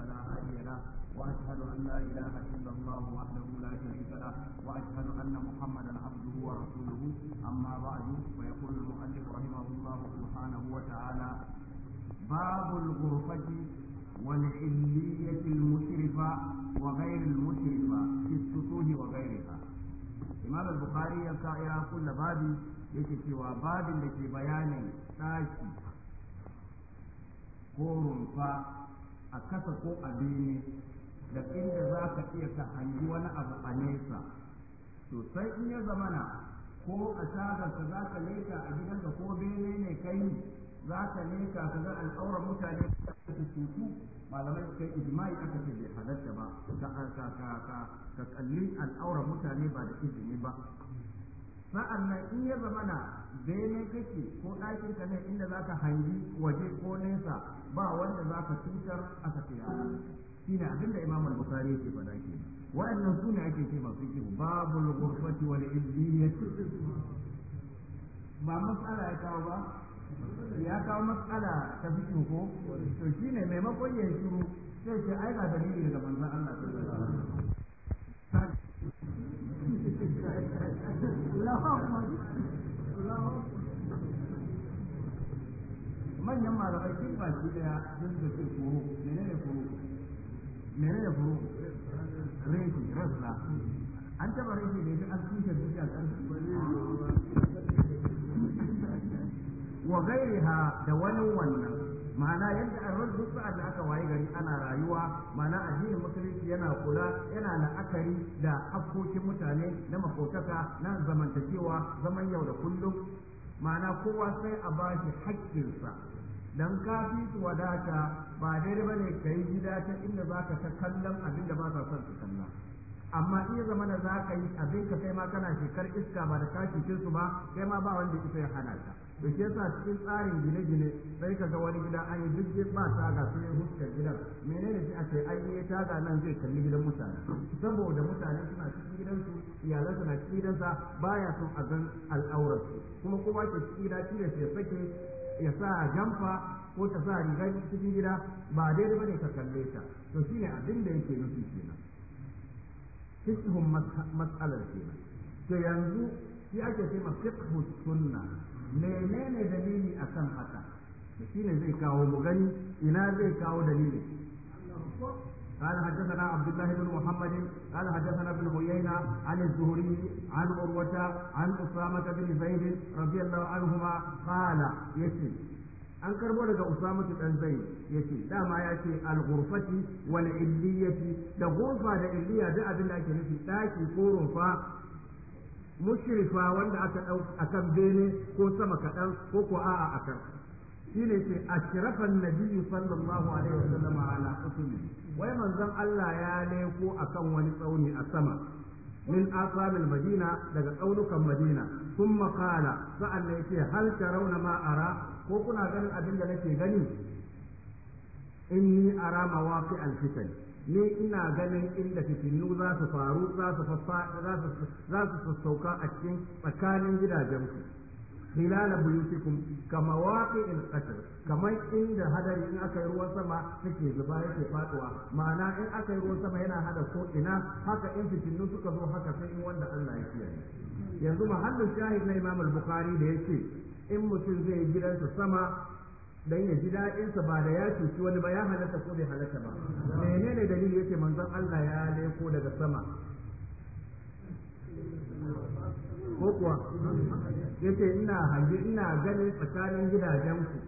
فلا هادي له واشهد ان لا اله الا الله وحده لا شريك له واشهد ان محمدا عبده ورسوله اما بعد فيقول المؤلف رحمه الله سبحانه وتعالى باب الغرفة والعلية المشرفة وغير المشرفة في السطوح وغيرها Imam Bukhari ya sa ya kulla babi yake cewa babin da ke bayanin ɗaki ko rumfa a kasa ko a bene da inda za ka iya ta hangi wani abu a nesa to in ya zamana ko a ka za ka leka a gidanka ko bene ne kai za ka leka ka ga al'aurar mutane da su cutu malamai suka yi ijma'i aka ce bai halatta ba ka kalli al'aurar mutane ba da izini ba sa'an nan in ya zamana bene kake ko ɗakin ka ne inda za ka hangi waje ko nesa ba wanda za ka cutar a tafiya shi ne abinda da al-bukhari yake faɗa ke wa'annan su ne ake ce masu kihu babul ghurfati wal su ba matsala ya kawo ba ya kawo matsala ta fi ko to shine maimakon ya shiru sai ce ai dalili daga manzan Allah sallallahu alaihi wasallam manyan malamai sun baki daya sun da ke furu menene furu ne furu reshi rasla an taba reshi ne duk an tushe duk da karfi wa ha da wani wannan ma'ana yadda an ran duk sa'ad da aka waye gari ana rayuwa ma'ana addinin musulunci yana kula yana la'akari da hakkokin mutane na makotaka na zamantakewa zaman yau da kullum ma'ana kowa sai a ba shi haƙƙinsa dan ka su wadata ba daidai bane ka yi gida ta inda za ka ta kallon abin da ba sa son su kalla amma iya zama da za ka yi abin ka kai ma kana shekar iska ba da ka su ba kai ma ba wanda isa ya hana ka da ke sa cikin tsarin gine-gine sai ka ga wani gida an yi duk ba ga sai ya huskar gidan menene sai a ce an yi ga nan zai kalli gidan mutane saboda mutane suna cikin gidansu iyalansa na cikin gidansa baya son a gan su, kuma kowa ke cikin gida shi ne sai sake ya sa jamfa ko ta sa riga cikin gida ba daidai bane ka kalle ta to shine abin da yake nufi kenan fiqhun mas'alar kenan to yanzu shi ake ce ma fiqhu sunna menene dalili akan haka shi ne zai kawo mu gani ina zai kawo dalili قال حدثنا عبد الله بن محمد قال حدثنا ابن عيينة عن الزهري عن عروة عن أسامة بن زيد رضي الله عنهما قال يسي أن karbo daga Usama dan Zaid yace dama ya ce al-ghurfati wal illiyati da ghurfa da تاكي da mushrifa wanda aka dau akan bene ko sama kadan ko ko a'a akan shine ce ashrafan nabiyyi sallallahu alaihi wasallam ala usuli wai manzon Allah ya leko akan wani tsauni a sama min asamil madina daga tsaunukan madina kuma qala sa'an ne yake hal tarawna ma ara ko kuna ganin abin da nake gani inni ara mawaqi al-fitan ni ina ganin inda fitinu za su faru za su sassauka a cikin tsakanin gidajenku hilala buyutikum kama waqi'il qatr kamar inda hadari in aka yi ruwan sama suke zuba yake faɗuwa, ma'ana in aka yi ruwan sama yana hada ko ina haka in fitinu suka zo haka sai in wanda Allah ya kiyaye yanzu mahallin shahid na Imam al-Bukhari da ce, in mutum zai gidansa sama dan ya ji daɗinsa ba da ya cuci wani ba ya halatta ko bai halatta ba menene dalili yake manzon Allah ya leko daga sama ko kuwa yace ina hangi ina ganin tsakanin gidajenku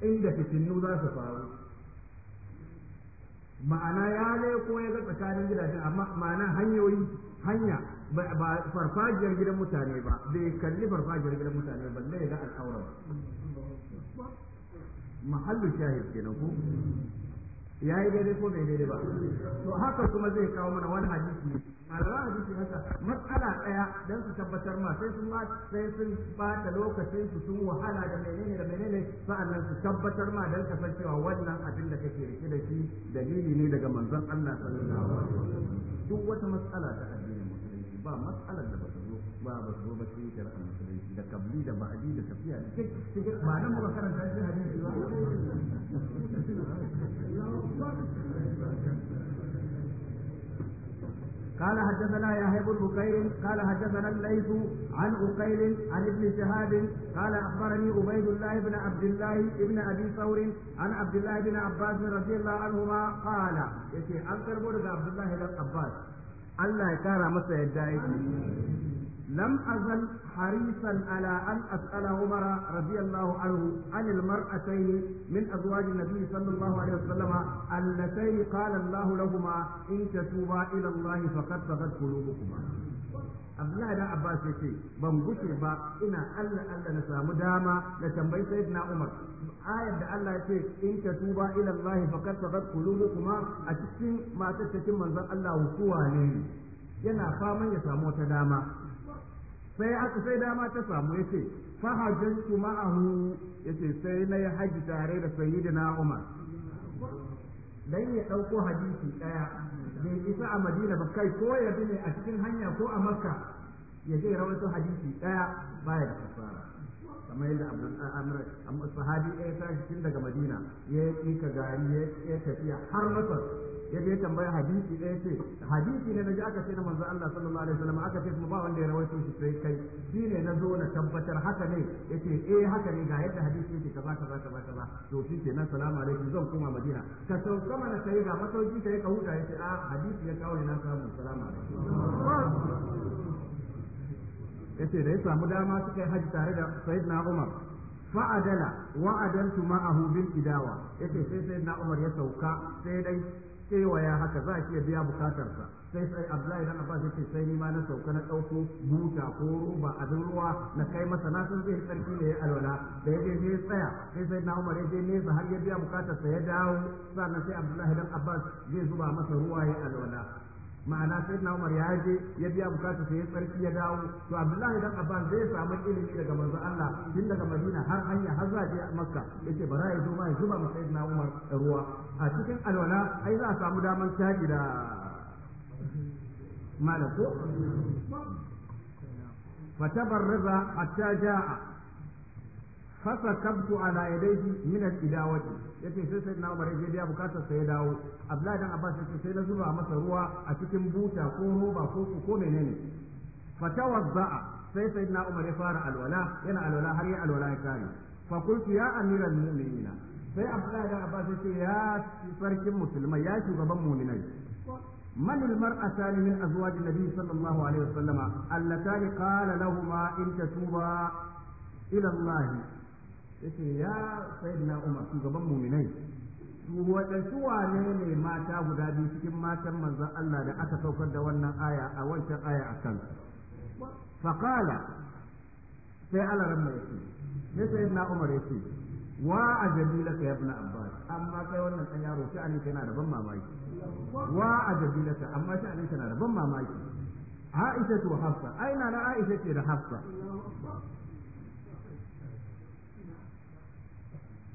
inda fitinu za su faru ma'ana ya leko ya ga tsakanin gidajen amma ma'ana hanyoyi hanya ba farfajiyar gidan mutane ba bai kalli farfajiyar gidan mutane ba ya ga al'aura ba mahallu shahid kenan ko ya yi daidai ko bai daidai ba to haka kuma zai kawo mana wani hadisi malaman hadisi haka matsala ɗaya don su tabbatar ma sai sun sai sun bata lokacin su sun wahala da menene da menene sa'annan su tabbatar ma don kasancewa wannan abin da kake rike da shi dalili ne daga manzon Allah sallallahu alaihi wasallam duk wata matsala ta addinin musulunci ba matsalar da ba ba ba so ba sai ka rasa musulunci da kabli da ba'adi da tafiya da kai ba nan muka karanta shi hadisi ba قال حدثنا يحيى بن بكير قال حدثنا الليث عن أقيل عن ابن شهاب قال أخبرني عبيد الله بن عبد الله بن أبي ثور عن عبد الله بن عباس رضي الله عنهما قال يتي أنكر عبد الله بن عباس الله ya kara masa لم أزل حريصا على أن أسأل عمر رضي الله عنه عن المرأتين من أزواج النبي صلى الله عليه وسلم اللتين قال الله لهما إن تتوبا إلى الله فقد بغت قلوبكما Abdullahi dan Abbas ya ce ban gushe ba ina Allah Allah na samu dama na tambayi na Umar ayar da Allah ya ce in ka tuba ila Allah faqad tabat kuma a cikin matar cikin manzon Allah hukuwa ne yana faman ya samu wata dama sai aka sai dama ta samu yace fahajin su ma'ahu ce sai na yi haji tare da sayidina Umar dan ya ɗauko hadisi daya bai isa a Madina ba kai ko ya ne a cikin hanya ko a Makka ya je rawaito hadisi ɗaya baya da kafara kamar yadda Abu Amr sahabi ya tashi tun daga Madina ya yi ka gari ya tafiya har Masar ya je tambaya hadisi ɗaya ce hadisi ne ji aka ce na manzo Allah sallallahu alaihi wasallam aka ce kuma ba wanda ya rawaito shi sai kai ne na zo na tabbatar haka ne yace eh haka ne ga yadda hadisi yake kaza kaza kaza kaza to shi ke nan salamu alaikum zan koma Madina ka sauka mana kai ga masauki kai ka huta yace a ah, hadisi ya kawo na samu salamu alaikum yace da ya samu dama suka yi haji tare da sayyidina Umar fa'adala wa'adantu ma'ahu bil idawa yace sai sayyidina Umar ya sauka sai dai kewaya haka za a iya biya bukatarsa sai sai Abdullahi dan Abbas yake sai ni ma na sauka na dauko buta ko roba abin ruwa na kai masa na san zai sarki ne ya alwala da yake je tsaya sai sai na Umar ne nesa har ya biya bukatarsa ya dawo sannan sai Abdullahi dan Abbas zai zuba masa ruwa ya alwala ma'ana sai na Umar ya je ya biya bukata sai ya tsarki ya dawo to Abdullahi dan Abbas zai samu ilimi daga manzo Allah tun daga Madina har hanya har zuwa je Makka yace bara ya zo ma ya zuba da na Umar ruwa a cikin alwala ai za a samu daman shaji da malako raza fatabarraza hatta jaa kabtu ala yadayhi min al-idawati yace sai sai na umar yaje da bukatar sai ya dawo abdullahi dan abbas yace sai na zuba masa ruwa a cikin buta ko roba ko ko menene fatawazza'a sai sai na umar ya fara alwala yana alwala har ya alwala ya kare fa qultu ya amiral mu'minina sai abdullahi dan abbas yace ya sarkin musulmai ya shugaban mu'minai من المرأتان من أزواج النبي صلى الله عليه وسلم اللتان قال لهما إن تتوبا إلى الله yake ya sayyidina Umar shugaban mu'minai waɗansu wane ne mata guda biyu cikin matan manzon Allah da aka saukar da wannan aya a wancan aya a kan faqala sai Allah ramma yace sai sayyidina Umar yace wa ajabi laka ya ibn Abbas amma kai wannan ɗan yaro shi anin yana da ban mamaki wa a Jabila ka amma shi anin yana da ban mamaki Aisha to Hafsa aina na Aisha ce da Hafsa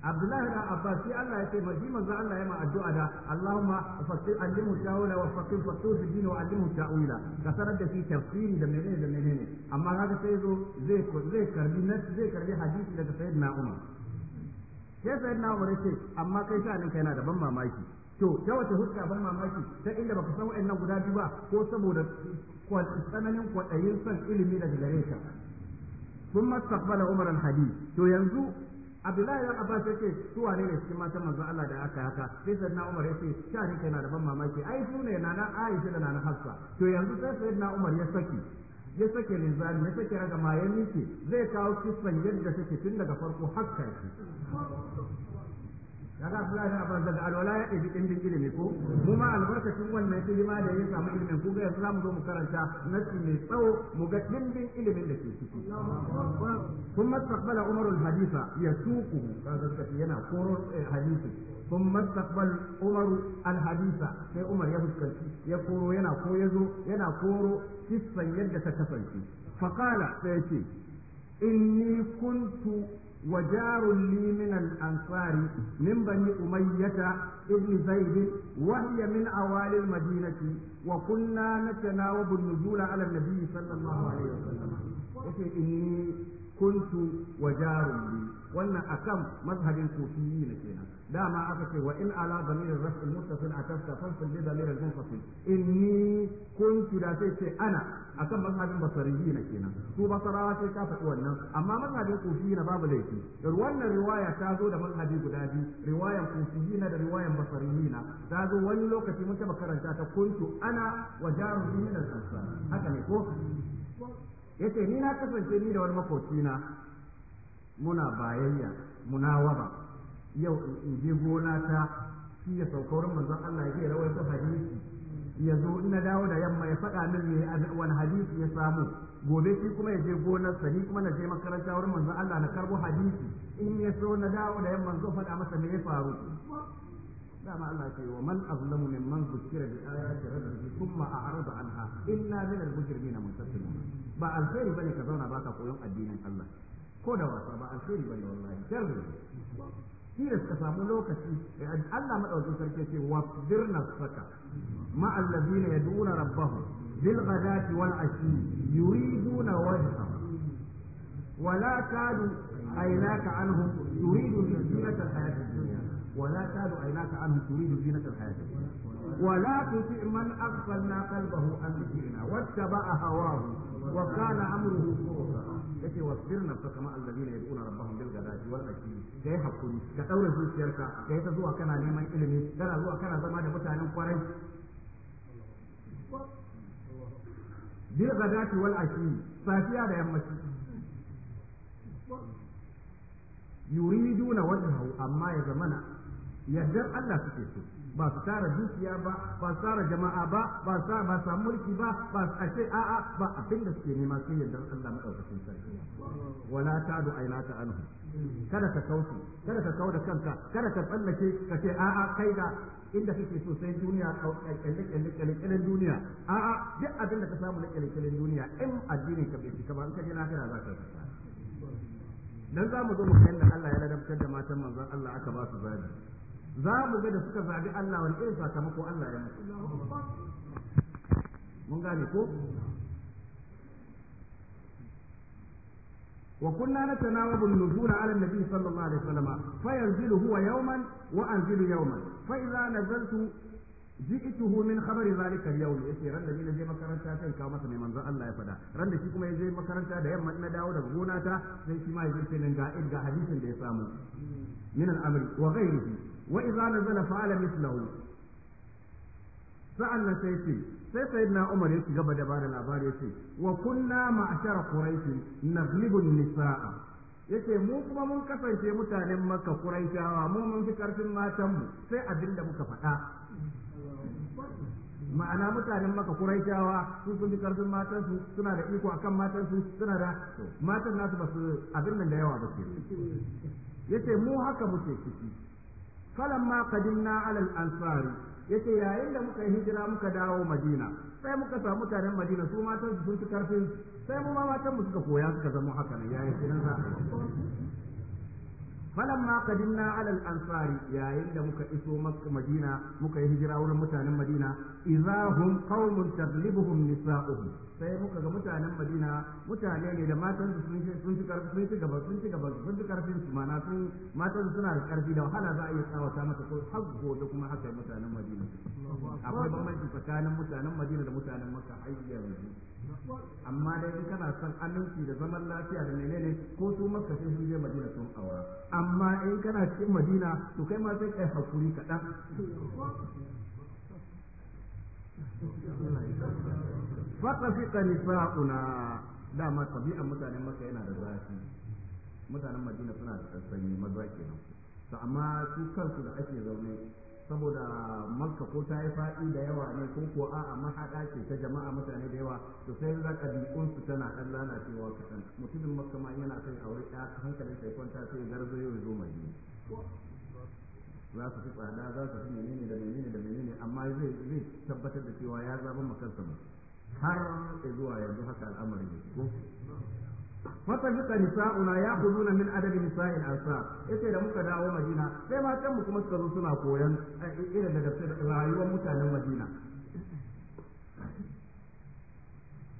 Abdullahi na Abbas sai Allah ya ce shi manzo Allah ya ma addu'a da Allahumma fasir alimu ta'awila wa fasir fasir fi dini wa alimu ta'awila ka sanar da shi tafsiri da menene da menene amma kaga sai zo zai zai karbi zai karbi hadisi daga sayyidina Umar sai sayyidina Umar ya ce amma kai sha nan kai na da ban mamaki to ta wace hujja ban mamaki ta inda baka san wa'annan guda biyu ba ko saboda tsananin kwaɗayin son ilimi daga gare ka ثم استقبل عمر الحديث to yanzu. Abdullahi dan Abbas ce su wane ne cikin matan manzon Allah da aka haka sai na Umar yace shani kana da ban mamaki ai su ne nana Aisha da nana Hafsa to yanzu sai na Umar ya saki ya sake linzami ya sake raga ya miki zai kawo kisan yadda take tun daga farko har ƙarshe kaga Abdullahi bin Abbas daga alwala ya ɗabi ɗimbin ilimi ko mu ma albarkacin wannan hidima da ya samu ilimin ko? ga yanzu zamu zo mu karanta nasi mai tsawo mu ga ɗimbin ilimin da ke ciki kuma taqbala Umar al-haditha yasuqu kaga yana koro eh, hadisi kuma taqbal Umar al-haditha sai Umar ya fuskanci ya koro yana ko yazo yana koro kissan yadda ta kasance faqala sai yace inni kuntu وجار لي من الأنصار من بني أمية ابن زيد وهي من أوالي المدينة وكنا نتناوب النزول على النبي صلى الله عليه وسلم وفي إني كنت وجار لي wannan akan mazhabin yi ne kenan dama aka ce wa in ala damirin raf'il muttasil atafta fasil bi damirin munfasil ni kuntu da sai ce ana akan mazhabin basariyyi ne kenan su basarawa sai ta faɗi wannan amma mazhabin yi na babu laifi wannan riwaya ta zo da mazhabi guda biyu riwayan yi na da riwayan basariyyi na ta zo wani lokaci mun taba karanta ta kuntu ana wa jaru min al-ansar haka ne ko yace ni na kasance ni da wani makocina muna bayayya waba yau in je gona ta shi ya saukarin manzon Allah ya rawaito hadisi ya zo na dawo da yamma ya faɗa min me wani hadisi ya samu gobe shi kuma ya je gonar sa ni kuma na je makaranta wurin manzon Allah na karbo hadisi in ya so na dawo da yamma zo faɗa masa me ya faru dama Allah ce wa man azlamu mimman zukira bi ayati rabbihi thumma a'rada anha inna min al-mujrimina muntasibun ba alkhairi bane ka zauna baka koyon addinin Allah ko da wasa ba alheri bane wallahi sharri shi da suka samu lokaci Allah madaukakin sarki ce wasbir nafsaka ma allazina yad'una rabbahum bil ghadati wal ashi yuriduna wajha ولا كادوا عيناك عنهم تريد زينة الحياة الدنيا ولا كادوا عيناك عنهم تريد زينة الحياة الدنيا ولا تطع من أغفلنا قلبه عن ذكرنا واتبع هواه وكان أمره فرطا yace wasbir nafsaka ma alladhina yad'una rabbahum bil ghadati wal ashi kai hakuri ka daura zuciyarka kai ta zuwa kana neman ilimi kana zuwa kana zama da mutanen kwarai bil ghadati wal ashi safiya da yammaci yuriduna wajhahu amma ya zamana yardar Allah suke so ba su tara dukiya ba ba su tara jama'a ba ba su ba samu mulki ba ba su ashe a'a ba abin da suke nema sai yardar Allah madaukakin sarki wala aina ta anhu kada ka kauce kada ka kauda kanka kada ka tsallake ka ce a'a kai da inda kake so sai duniya kalle kalle kalle kalle duniya a'a duk abin da ka samu na kalle kalle duniya in addinin ka bai cika ba in ka je lafiya za ka fita dan za zo mu kai da Allah ya ladabtar da matan manzon Allah aka ba su zabi za mu ga da suka zabi Allah wani irin sakamako Allah ya mutu. mun gane ko Wa وكنا نتناوب النزول على النبي صلى الله عليه yau فينزل هو يوما وانزل يوما فاذا نزلت جئته من خبر ذلك اليوم yace ran da ni je makaranta sai kawo masa mai manzon Allah ya fada ran da shi kuma yaje makaranta da yamma na dawo daga gona ta sai shi ma yaje sai nan ga ga hadisin da ya samu min al-amri wa wa idza nazala fa'ala mithlahu sa'an nan sai ce sai sayyidina Umar yake gaba da bada labari yace wa kunna ma'shara quraish naghlibu nisaa yace mu kuma mun kasance mutanen Makka Quraishawa mu mun fi karfin matan mu sai da muka faɗa ma'ana mutanen maka kuraitawa su sun fi karfin matansu suna da iko akan matansu suna da matan nasu ba su abin nan da yawa ba ce yace mu haka muke ciki falamma qadimna ala al-ansari yace yayin da muka hijira muka dawo Madina sai muka samu mutanen Madina su matan sun fi karfin sai mu ma matan mu suka koya suka zama haka ne yayin za فلما قدمنا على الأنصار يا إند مك إسو مك مدينة muka هجرة ولا متان مدينة إذا هم قوم تغلبهم نساؤهم sai muka ga mutanen Madina mutane ne da matan sun sun ci sun ci gaba sun sun ci karfin su suna da karfi da wahala za a iya tsawata masa ko har gobe kuma haka mutanen Madina akwai tsakanin mutanen Madina da mutanen Makka yanzu amma dai in kana son aminci da zaman lafiya da menene ko su makka sai sun je madina sun aura amma in kana cikin madina to kai ma sai kai hakuri kaɗan fasafika nisa'una dama tabi'an mutanen maka yana da zafi mutanen madina suna da sanyi maza kenan to amma su kansu da ake zaune saboda makka ko ta yi faɗi da yawa ne ko ko a'a mahaɗa ce ta jama'a mutane da yawa to sai za ka bi unsu tana ɗan lalacewa kaɗan mutumin makka ma yana kai aure ɗaya hankalin sai kwanta sai garzo yau zo mai za su fi tsada za su fi menene da menene da menene amma zai zai tabbatar da cewa ya zaba makansa har zuwa yanzu haka al'amarin ko ya nisa'una zuna min adabi nisa'il ansar yace da muka dawo Madina sai matan mu kuma suka zo suna koyan eh, irin daga rayuwar mutanen Madina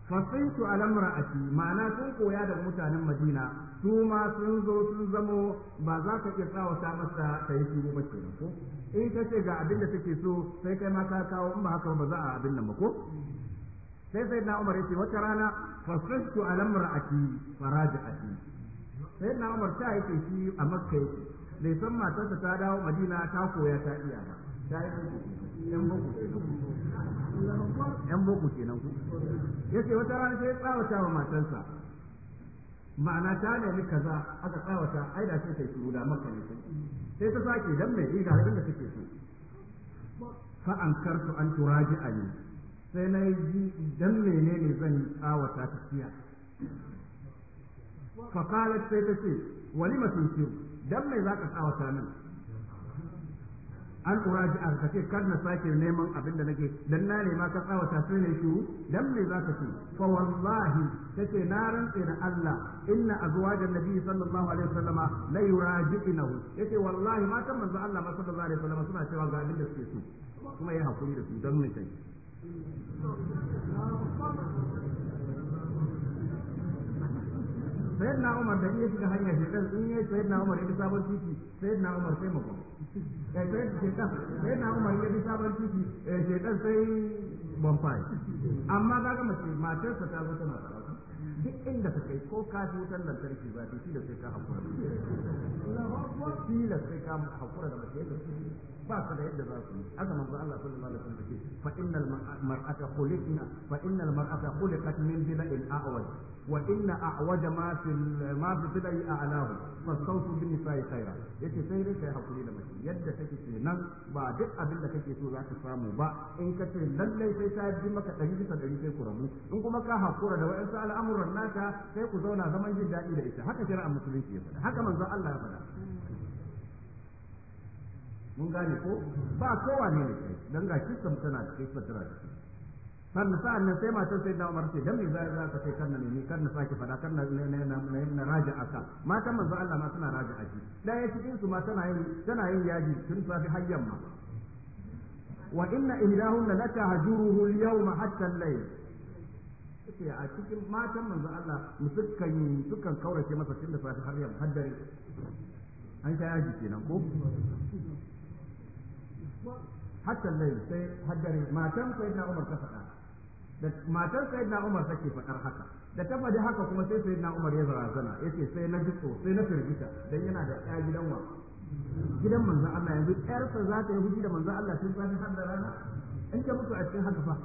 fasaitu ala mar'ati ma'ana sun koya daga mutanen Madina su ma sun zo sun zamo ba za ka iya tsawata masa ta yi shiru ba kenan ko in ka ce ga abin da take so sai kai ma ka kawo in ba haka ba za a abin nan ba ko sai sai na Umar ce wata rana fasashtu ala mar'ati faraja'ati sai na Umar ta haife shi a Makka yake bai san matarsa ta dawo Madina ta koya ta iya ta yi yan boko yan boko kenan ku wata rana sai tsawata wa matarsa ma'ana ta nemi kaza aka tsawata ai da sai ta shiru da Makka ne sai ta sake dan mai ga abin da take so fa ankartu an turaji'ani sai na yi ji mene ne zan yi tsawata tafiya fa sai ta ce walima tunkiru dan za ka tsawata min an ji a kace kar na sake neman abin da nake dan na nema ma ka tsawata sai ne shiru dan za ka ce fa wallahi kace na rantse da Allah inna azwajan nabi sallallahu alaihi wasallama la ya ce wallahi matan manzo Allah ma sallallahu alaihi wasallama suna cewa ga abin da suke so kuma ya hakuri da su dan mai kai sayyidina umar da iya shiga hanyar shekar sun yi sayyidina umar ya bi sabon titi sayyidina umar sai mako kai eh, sai sayyidina umar ya bi sabon titi eh, shekar sai bonfai amma ga ga mace matarsa ta zo tana sarauta duk inda ta kai ko ka ji wutar lantarki ba ta tilas sai ka hakura tilas sai ka hakura da mace ba su da yadda za su yi haka manzo Allah sallallahu alaihi wasallam ce fa innal mar'ata khuliqna fa innal mar'ata khuliqat min bila'in a'waj wa inna a'waja ma fi ma fi bila'i a'lahu fa sawtu bi nisa'i khaira yace sai dai kai hakuri da mace yadda take ce nan ba duk abin da kake so za ka samu ba in ka ce lallai sai ta yi maka ɗari bisa ɗari sai ku rabu in kuma ka hakura da wa'ansu al'amuran naka sai ku zauna zaman jin daɗi da ita haka shari'ar musulunci ya faɗa haka manzo Allah ya faɗa mun gane ko ba kowa ne ne kai dan ga kisan tana da kisan tana da na sa'an nan sai matan sai da umar ce dan me za za ka kai kan nan ne kan na sake fada kan na na na raja aka matan manzo Allah ma suna raja aji ya cikin su ma tana yin tana yin yaji tun fi har yamma wa inna ihdahunna latahjuruhu al-yawma hatta al-layl sai a cikin matan manzo Allah sukan sukan kaurace masa tun da fa har yamma haddare an ta yaji kenan ko hatta lai sai matan Umar ta faɗa da matan Umar faɗar haka da ta faɗi haka kuma sai Na Umar ya zarazana ce sai na jitso sai na firgita dan yana da ɗaya gidan wa gidan manzon Allah yanzu ƴarsa za ta yi huji da manzon Allah sun safi har da rana in ka mutu a cikin haka fa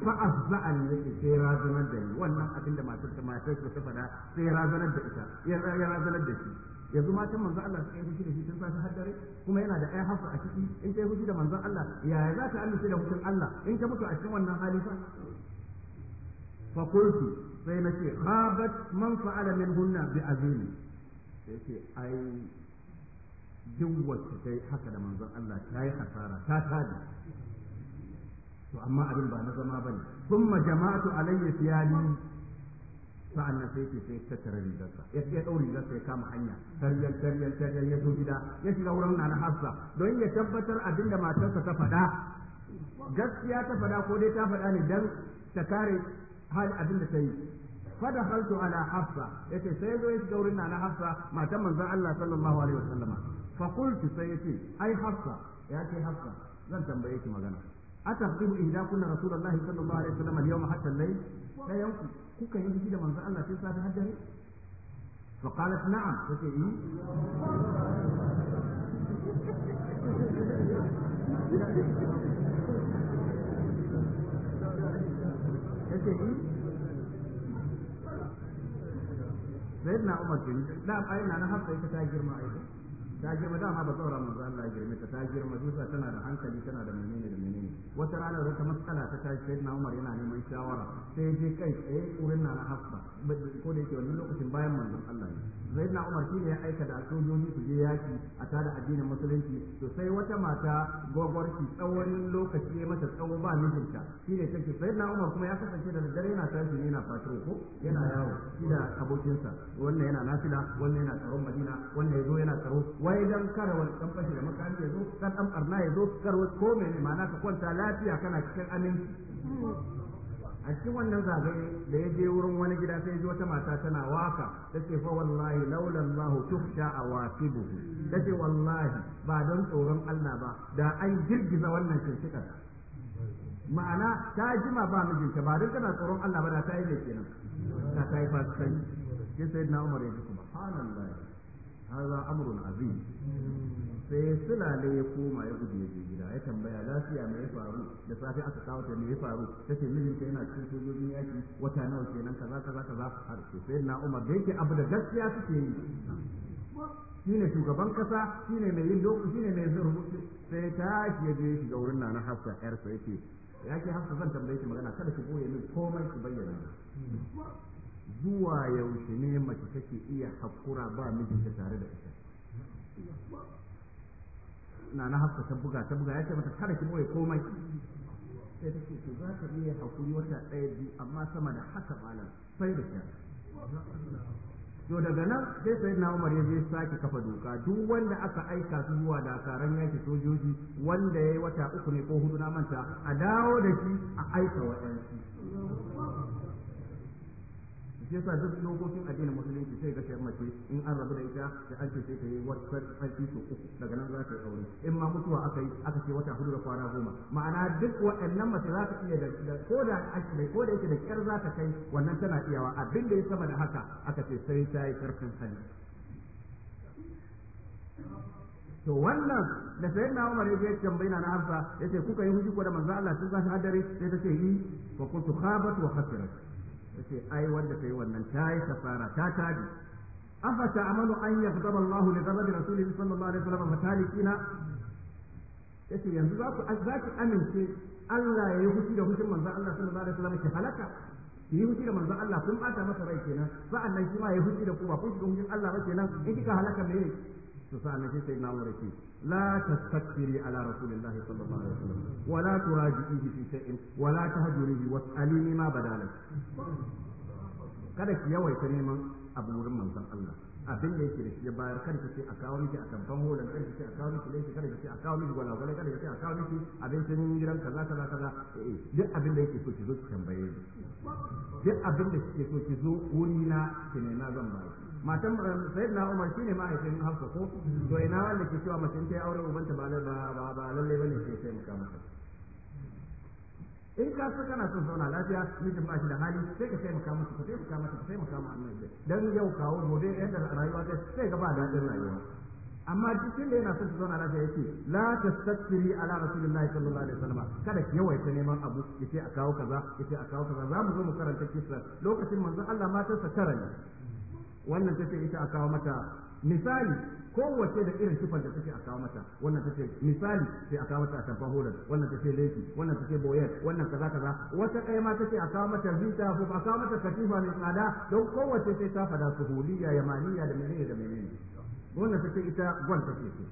fa ya yake sai razanar da ni wannan abin da matar ta matar ta faɗa sai razanar da ita ya razanar da shi yanzu matan manzo Allah suka yi fushi da shi tun safi haddare kuma yana da ɗaya hafsa a ciki in ta yi fushi da manzo Allah yaya za ta amince da hukun Allah in ka mutu a cikin wannan hali fa fa kulti sai na ce habat man fa'ala hunna bi azim sai ce ai duk wacce kai haka da manzon Allah ta yi hasara ta tada to amma abin ba na zama bane kuma jama'atu alayya fiyali sa'an nan sai ke ya tattara rigarsa ya ya ɗau rigarsa ya kama hanya tarjan tarjan tarjan ya zo gida ya shiga wurin nana hafsa don ya tabbatar abin da matarsa ta faɗa gaskiya ta faɗa ko dai ta faɗa ne dan ta kare hal abin da ta yi fada haltu ala hafsa yace sai zo ya shiga wurin nana hafsa matan manzon Allah sallallahu alaihi wasallama fa qultu sai yace ai hafsa yace hafsa zan tambaye ki magana أتفقه إذا كنا رسول الله صلى الله عليه وسلم اليوم حتى الليل لا يمكن كوكا يمكن كده منظر الله في ثلاثة حجر فقالت نعم فشيء إيه؟ إيه؟ سيدنا عمر بن لا نعم، أين أنا حتى يتاجر معي تاجر ما دام هذا طورا من الله يجري متى تاجر مجوسة تنا رحمة لي تنا رمينين رمينين wata rana da wata matsala ta tashi sai na Umar yana neman shawara sai ya je kai tsaye wurin na na Hafsa ko da yake wannan lokacin bayan manzon Allah ne sai na Umar shi ne ya aika da sojoji su je yaki a da addinin musulunci to sai wata mata gwagwarki tsawon lokaci ya mata tsawo ba mijinta shi ne take sai na Umar kuma ya kasance da dare yana tashi ne yana fatiro ko yana yawo shi da abokinsa wannan yana nafila wannan yana tsaron Madina wannan zo yana tsaro wai dan kara wani dan da makami yazo dan dan arna yazo kar ko mai ma'ana ka kwanta kwanta lafiya kana cikin aminci a cikin wannan zagaye da ya je wurin wani gida sai ji wata mata tana waka tace fa wallahi laula Allah buhu awasibuhu tace wallahi ba don tsoron Allah ba da an girgiza wannan shirkar ma'ana ta jima ba mijinta ba don tana tsoron Allah ba da ta yi ne kenan ta ta yi fasikai sai sayyidina Umar ya ji subhanallah haza amrun azim sai sulale ya koma ya guje ya je gida ya tambaya lafiya me ya faru da safe aka kawo ta me ya faru tace mijinta yana cikin sojojin yaki wata nawa kenan kaza kaza kaza har sai na Umar da yake abu da gaskiya suke yi shine shugaban kasa shine mai yin doka shine mai rubutu sai tashi ya je shiga wurin nana Hafsa yar sai ce yake Hafsa zan tambaye ki magana kada ki boye min komai ki bayyana zuwa yaushe ne mace take iya hakura ba mijinta tare da ita na na hafsa ta buga ta buga ya ce mata kada ki boye komai sai ta ce to za ka iya hakuri wata ɗaya biyu amma sama da haka malam sai da kyar to daga nan sai sai na Umar ya je sake kafa doka duk wanda aka aika su zuwa dakaran yaki sojoji wanda ya yi wata uku ne ko hudu na manta a dawo da shi a aika waɗansu shi yasa duk dokokin addinin musulunci sai ga mace in an rabu da ita da an ce sai ta yi wata tsarki so uku daga nan za ta yi aure in ma mutuwa aka yi aka ce wata hudu da kwana goma ma'ana duk waɗannan mace za ta iya da ko da ko da yake da kyar za ta kai wannan tana iyawa abin da ya sama da haka aka ce sai ta yi karfin hali to wannan da sai na Umar ya tambayi na Hafsa yace kuka yi hujji da manzo Allah sun zashi hadari sai ta ce yi fa kuntu khabat wa khasirat su ce ai wanda ta yi wannan ta yi kasara ta tabi afa amalu an yaghdaba Allahu li ghadabi rasulihi sallallahu alaihi wasallam matalikina ce yanzu za ku za amince Allah ya yi hushi da hushin manzan Allah sallallahu alaihi wasallam ki halaka ki yi hushi da manzan Allah kun bata masa rai kenan nan shi ma ya yi hushi da ku ba kun shiga hushin Allah ba kenan in kika halaka me ne سسانا سيدنا عمر لا تستكثري على رسول الله صلى الله عليه وسلم ولا تراجعيه في شيء ولا تهجريه واسأليني ما بدا لك kada ki yawaita neman abu wurin manzon Allah abin da yake da shi bayar kada ki ce a kawo miki a tabban holan kada ki ce a kawo miki laifi kada ki ce a kawo miki gwalagwalai kada ki ce a kawo miki abincin gidan kaza kaza kaza eh, eh duk abin da yake so ki zo ki tambaye ni duk abin da kike so ki zo wuri na ki nema zan ba ki matan na Umar shine mahaifin Hafsa ko to ina wanda ke cewa mace ta aure ubanta ba ba ba lalle bane sai sai muka mata in ka so kana son zauna lafiya mijin ba shi da hali sai ka muka musu ka muka masa ka muka ma annabi dan yau kawo gobe yadda rayuwa ta sai ga ba rayuwa amma cikin da yana son su zauna lafiya yake la tastattiri ala rasulillahi sallallahu alaihi wasallam kada ki yawaita neman abu yace a kawo kaza yace a kawo kaza za mu zo mu karanta kisa lokacin manzon Allah matarsa tara ne wannan tace ita a kawo mata misali kowace da irin sifar da take a kawo mata wannan tace misali sai a kawo mata a tabbar hodar wannan tace laifi wannan tace boyar wannan kaza kaza wata kai ma tace a kawo mata vita ko a kawo mata katifa mai tsada don kowace sai ta fada suhuliya maniya da menene da menene wannan tace ita gwan tace so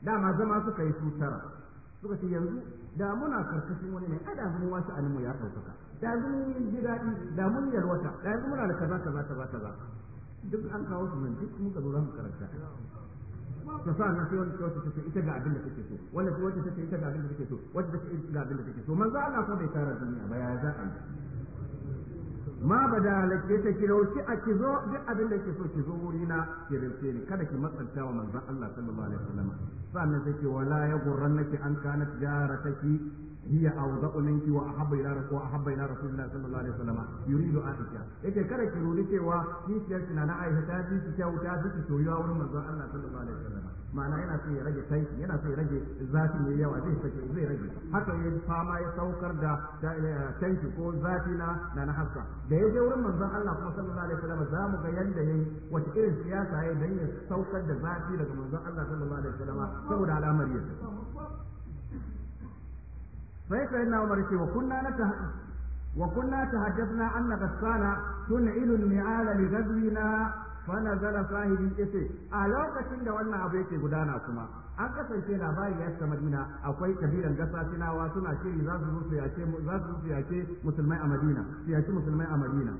dama zama suka yi su tara suka ce yanzu da muna karkashin wani ne ada mun wasu alimu ya ɗaukaka da yanzu mun ji daɗi da mun yalwata da yanzu muna da kaza kaza kaza kaza duk an kawo su nan duk ka zo za mu karanta ta sa na sai wata wata tace ita ga abin da take so wanda wata tace ita ga abin da take so wata tace ita ga abin da take so manzo Allah ko bai tara duniya ba ya za a yi ma ba da halakke ta ki dauki a ki zo duk abin da ke so ki zo wuri na ki rinse ni kada ki matsanta wa manzon Allah sallallahu alaihi wasallam sannan sai ki wala ya gurrannaki an kana tijarataki hiya awda'u minki wa ahabba ila rasul wa ahabba ila rasulillah sallallahu alaihi wasallam yuridu aisha yake kada ki rudi cewa kiciyar kina na aisha ta ji ki kyauta ta ki soyuwa wurin manzon Allah sallallahu alaihi wasallam ma'ana yana so ya rage tanki yana so ya rage zafi mai yawa zai sake zai rage haka ya fama ya saukar da eh, tanki ko zafi na na haska da ya je wurin manzon Allah kuma sallallahu alaihi wasallam za mu ga yanda yayi wata irin siyasa yayi dan ya saukar da zafi daga manzon Allah sallallahu alaihi wasallam saboda al'amari ya sai sai na umar ce wa kunna na وكنا تحدثنا أن غسان تنعل النعال لغزونا fana zala sahibin yace a lokacin da wannan abu yake gudana kuma an kasance labari ya ta Madina akwai kabilan gasasinawa suna shiri za su zo su yace za su zo su musulmai a Madina su yace musulmai a Madina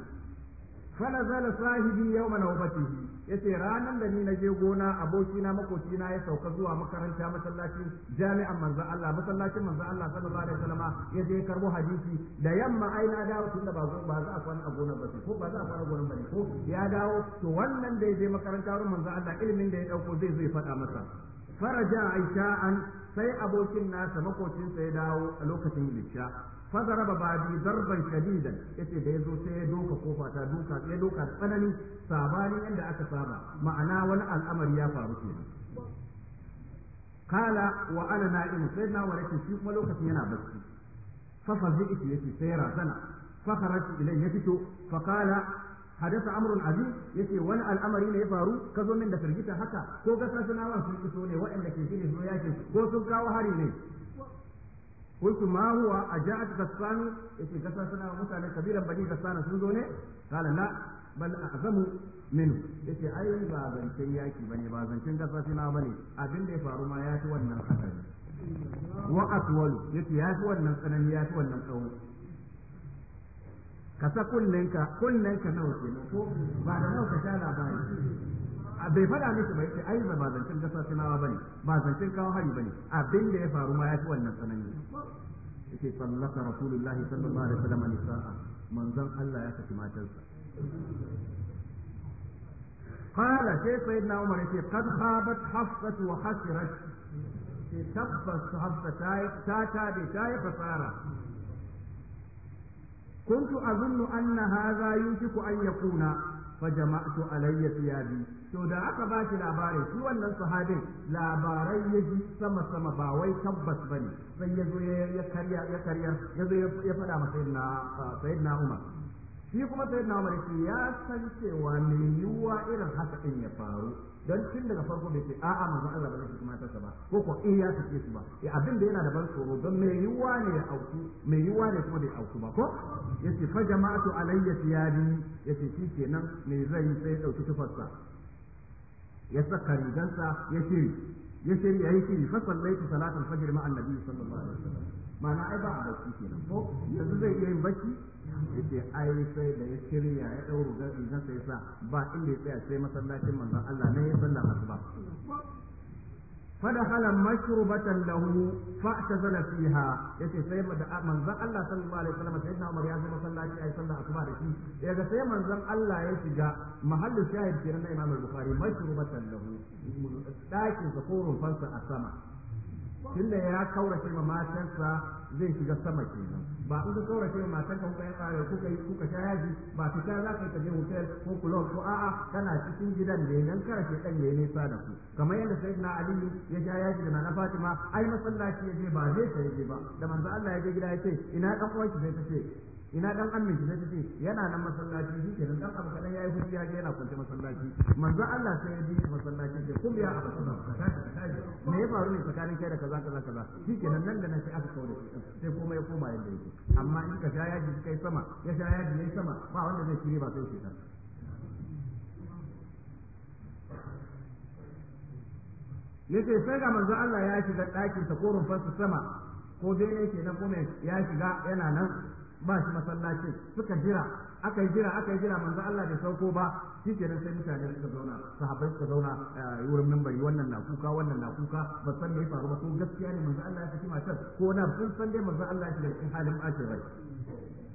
fana zala sahibi yawma nawbatihi yace ranan da ni na je gona aboki na makoci na ya sauka zuwa makaranta masallacin jami'an manzo Allah masallacin manzo Allah sallallahu alaihi wasallam ya je karbo hadisi da yamma ai na dawo tunda ba zo ba za a kwana a gona ba ko ba za a kwana gona ba ko ya dawo to wannan da ya je makaranta ruwan Allah ilimin da ya dauko zai zai faɗa masa faraja aisha'an sai abokin nasa makocinsa ya dawo a lokacin lisha ba bi darban shadidan yace da yazo sai ya doka kofa ta duka sai ya doka tsanani sabani yadda aka saba ma'ana wani al'amari ya faru kenan kala wa ana na'im sai na ke shi kuma lokacin yana bacci fa fazi yace sai razana fa ilai ilayhi fito fa kala hadasa amrun azim yace wani al'amari ne ya faru ka zo min da firgita haka ko ga sasanawa sun fito ne waɗanda ke shine ya yake ko sun kawo hari ne ma huwa aja'at kasanu yace ga غسان mutane kabilan bani kasana sun zo ne kala la bal a'zamu minhu yace ai ba zancen yaki bane ba zancen gasasina bane abin da ya faru ma ya fi wannan hadari wa aswalu yace ya fi wannan tsanani ya fi wannan tsawo ka sa kunnenka kunnenka nawa kenan ko ba da nawa ka sha labari bai faɗa musu ba yace ai ba zancen gasa sinawa bane ba zancen kawo hari bane abin da ya faru ma yafi wannan tsanani yace sallaka rasulullahi sallallahu alaihi wasallam nisaa manzon Allah ya saki matarsa qala sai sayyidina umar yace qad khabat hafsat wa khasirat sai tabbas hafsa ta ta ta da ta yi fasara كنت أظن أن هذا يوشك أن يكون فجمعت علي ثيابي to da aka ba shi labarai, shi wannan sahabin labarai ya ji sama sama ba wai tabbas ba ne sai ya zo ya karya ya karya ya zo ya faɗa ma sayyidina Umar shi kuma sayyidina Umar ya san cewa mai yiwuwa irin haka ɗin ya faru don tun daga farko bai ce a'a manzon Allah ba zai a matarsa ba ko ko eh ya sake su ba ya eh, abin da yana da ban tsoro don me yiwa ne ya auku me yiwa ne kuma bai auku ba ko yace fa jama'atu alayya ya yace shi kenan me zai sai ya dauki tufarsa ya saka rigansa ya shiri ya shiri ya yi shiri fa sallaitu salatul fajr ma'an nabi sallallahu alaihi wasallam ma'ana ai ba a bacci kenan ko yanzu zai iya yin bacci yace ai sai da ya shirya ya ɗau rugar rigar sai sa ba inda ya tsaya sai masallacin manzon Allah ne ya sallar a فدخل مشربة له فاعتزل ya ce sai da manzon Allah sallallahu alaihi wasallam sai na Umar ya yi masallaci ai sallah asuba da shi daga sai manzon Allah ya shiga mahallu shahid kiran na Imam al-Bukhari mashrubatan hu dakin zakurun fansa a sama da ya kaurace ma matansa zai shiga sama kenan ba in ka kaurace ma matan kuka kuka tsare kuka yi kuka sha yaji ba sha za ka je hotel ko club ko a'a kana cikin gidan ne nan kara ke ne nesa da ku kamar yadda na Aliyu ya sha yaji da na fatima ai masallaci ya je ba zai sai ba da manzo Allah ya je gida ya ce ina ɗan uwanki zai ta ce ina dan amin shi ta yana nan masallaci shi kenan dan abu kadan yayi hujja ga yana kwanci masallaci manzo Allah sai ya ji masallaci ke kum ya abu kaza me ya faru ne tsakanin kai da kaza kaza kaza shi kenan nan da nan sai aka kawo da shi sai kuma ya koma yadda yake amma in ka ya yaji kai sama ya ya yaji yayi sama ba wanda zai shiri ba sai shi yace sai ga manzo Allah ya shiga dakin sa ko fasu sama ko dai yake na kuma ya shiga yana nan ba shi masallacin suka jira aka yi jira aka yi jira manzo Allah bai sauko ba shikenan sai mutane suka zauna sahabbai suka zauna eh, wurin minbari wannan na kuka wannan na kuka ba san me faru ba ko gaskiya ne manzo Allah ya saki matar ko na sun san dai manzo Allah ya da cikin halin bacin rai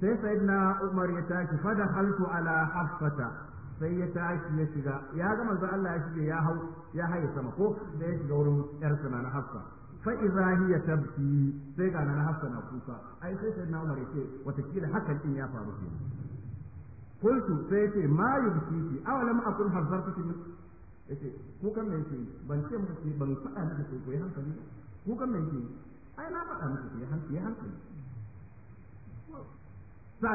sai sayyidina Umar ya tashi fa dakhaltu ala hafsata sai ya tashi ya shiga ya ga manzo Allah ya shige ya hau ya haye sama ko sai ya shiga wurin yar sana na hafsa fa iza hiya tabki sai ga nan na kusa ai sai sai na umar yace kila hakan din ya faru kenan qultu sai yace ma yubkiki awalam akun hazartuki yace kan me yake ban ce ki? ban faɗa miki ko yi hankali kan me yake ai na faɗa miki ko yi hankali hankali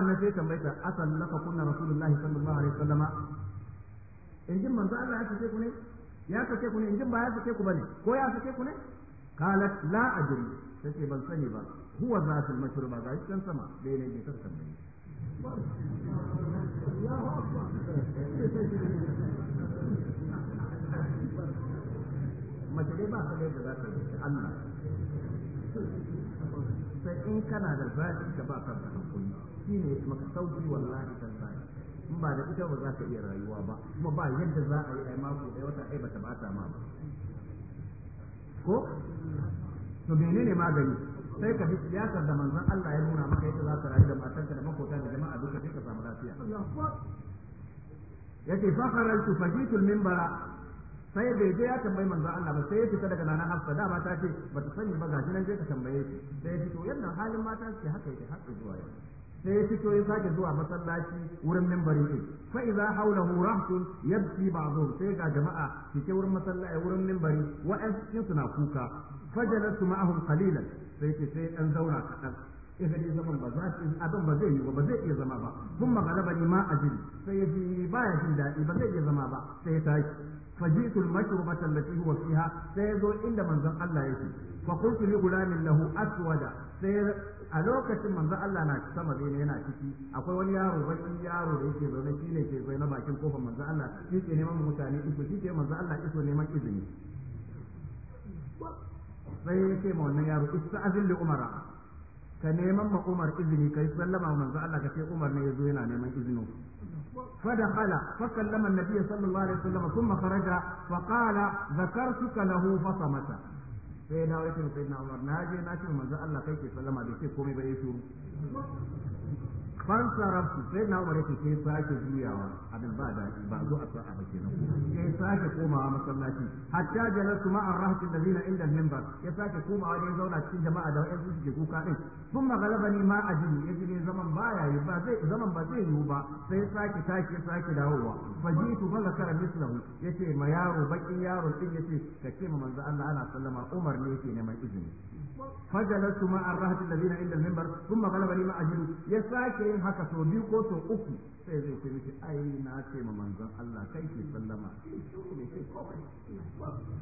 na sai tambayta asan laka kunna rasulullahi sallallahu alaihi wasallama in jin manzo Allah ya ce ku ne ya sake ku ne in jin ba ya sake ku bane ko ya sake ku ne qalat la sai tace ban sani ba huwa zatul mashruba ga can sama dai ne ke tarkan mai mace ba da sai in kana da zafi ka ba hankali shine sauki wallahi tallahi in ba da ita ba za ka iya rayuwa ba kuma ba yadda za a yi ai mako wata ai bata ta ma ba ko to menene magani sai ka bi siyasar da manzon Allah ya nuna maka yadda za ka rayu da matanka da makota da jama'a duka sai ka samu lafiya ce fa kharajtu fajitul minbara sai bai je ya tambayi manzon Allah ba sai ya fita daga nan Hafsa da ba ta ce ba ta sani ba ga jinan je ka tambaye shi sai ya fito yadda halin mata suke haka yake har zuwa yau sai ya fito ya sake zuwa masallaci wurin mimbari din fa idza hawlahu rahtun yabki ba'dhum sai ga jama'a cike wurin masallaci eh, wurin mimbari wa'an suna kuka fajalasu ma'ahum qalilan sai ke sai dan zauna kadan in hadin zaman ba za su abin ba zai yi ba ba zai iya zama ba kun ba ni ma ajin sai ya ji baya jin daɗi ba zai iya zama ba sai ya tashi فجئت المشربة التي هو فيها سيزو إلا من ذن الله يتي فقلت لغلام له أسود سير a lokacin manzo Allah na sama zai yana ciki akwai wani yaro bakin yaro da yake zaune shi ne ke na bakin kofar manzo Allah shi ke neman mutane iso shi ke manzo Allah iso neman izini sai ya ce ma wannan yaro ista'azin li umara ka neman ma Umar izini kai sallama manzo Allah ka ce Umar ne yazo yana neman izini. فدخل فكلم النبي صلى الله عليه وسلم ثم خرج فقال ذكرتك له فصمت sai na yake sayyidina Umar na je na ce manzo Allah kai ke sallama da ce komai ba ya shiru fansaraftu sai na umar yake sai sake juyawa abin ba da ba zo a sa'a ba kenan sai sake komawa masallaci hatta jalasu ma arhatin da zina inda minbar ya sake komawa ne zauna cikin jama'a da wayansu suke kuka din sun magalabani ma ajibi yaji ne zaman baya yi ba zai zaman ba zai yiwu ba sai sake tashi ya sake dawowa fajitu fa zakara mislahu ce ma yaro bakin yaro din ce ka ce ma manzo Allah ana sallama umar ne yake neman izini fajalasu ma arhatin da zina inda minbar sun magalabani ma ajibi ya sake yin haka sau biyu ko sau uku sai zai ce miki ai na ce ma manzon Allah kai ke sallama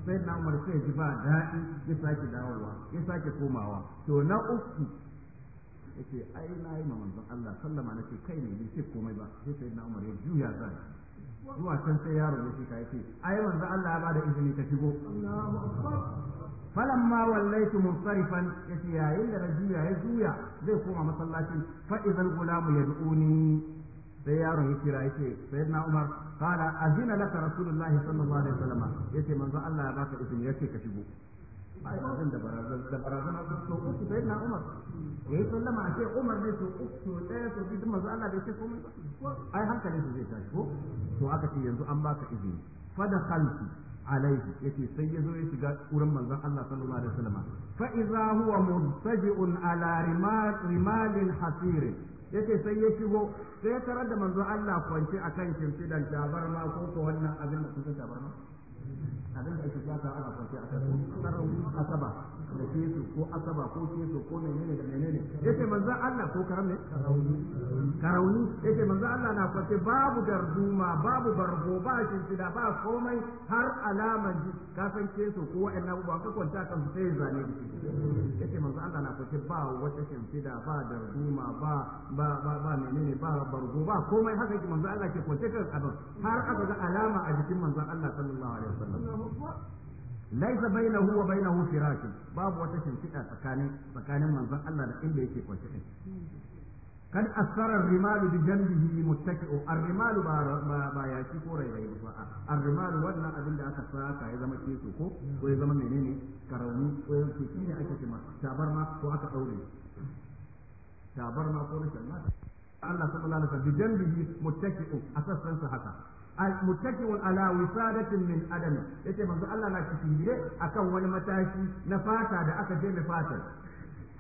sai na umar sai ji ba daɗi ya sake dawowa ya sake komawa to na uku yace ai na yi ma manzon Allah sallama na ce kai ne bai ce komai ba sai na umar ya juya zai zuwa can sai yaro ya shika yace ai manzo Allah ya bada izini ka shigo Allahu akbar falamma wallaitu munsarifan yace yayin da rajiya ya juya zai koma masallacin fa idzal gulamu yad'uni sai yaron ya kira yace sayyidina Umar qala azina laka rasulullahi sallallahu alaihi wasallam yace manzo Allah ya baka izini yace ka shigo a zan da barazana su so uku sai na umar ya yi sallama a ce umar ne su uku so ɗaya so biyu masu Allah da ce komai ba ai hankalin su zai tashi ko to aka ce yanzu an baka izini fada khalfi alaihi yace sai ya zo ya shiga wurin manzon Allah sallallahu alaihi wasallam fa idza huwa murtaji'un ala rimal rimalin hasir yace sai ya shigo sai ya tarar da manzon Allah kwance akan shimfidan tabarma ko ko wannan abin da kuka tabarma abin da ake kyasa ana kwanciya a kan asaba da ko asaba ko kesu ko menene da menene yake manzo Allah ko karam ne karauni yake manzo Allah na kwace babu darduma babu bargo ba da ba komai har alama ji ka san kesu ko wa'annan ba ka kwanta kan sai zane yake manzo Allah na kwace ba wata shintida ba darduma ba ba ba ba menene ba bargo ba komai haka ki manzo Allah ke kwace kan abin har aka ga alama a jikin manzo Allah sallallahu alaihi wasallam laisa bainahu wa bainahu firashun babu wata shimfiɗa tsakanin tsakanin manzon Allah da inda yake kwance kai Kan asarar rimalu bi janbihi muttaki'u ar-rimalu ba ba yaki ko rai rai ba ar-rimalu wannan abin da aka saka ya zama keso ko ko ya zama menene karauni ko ya ce shine ake cewa tabarma ko aka daure tabarma ko rashin mata Allah sallallahu alaihi wasallam bi janbihi muttaki'u asassan sa haka muttaki'un ala wisadatin min adami yace manzo Allah na cikin gire akan wani matashi na fata da aka je da fatar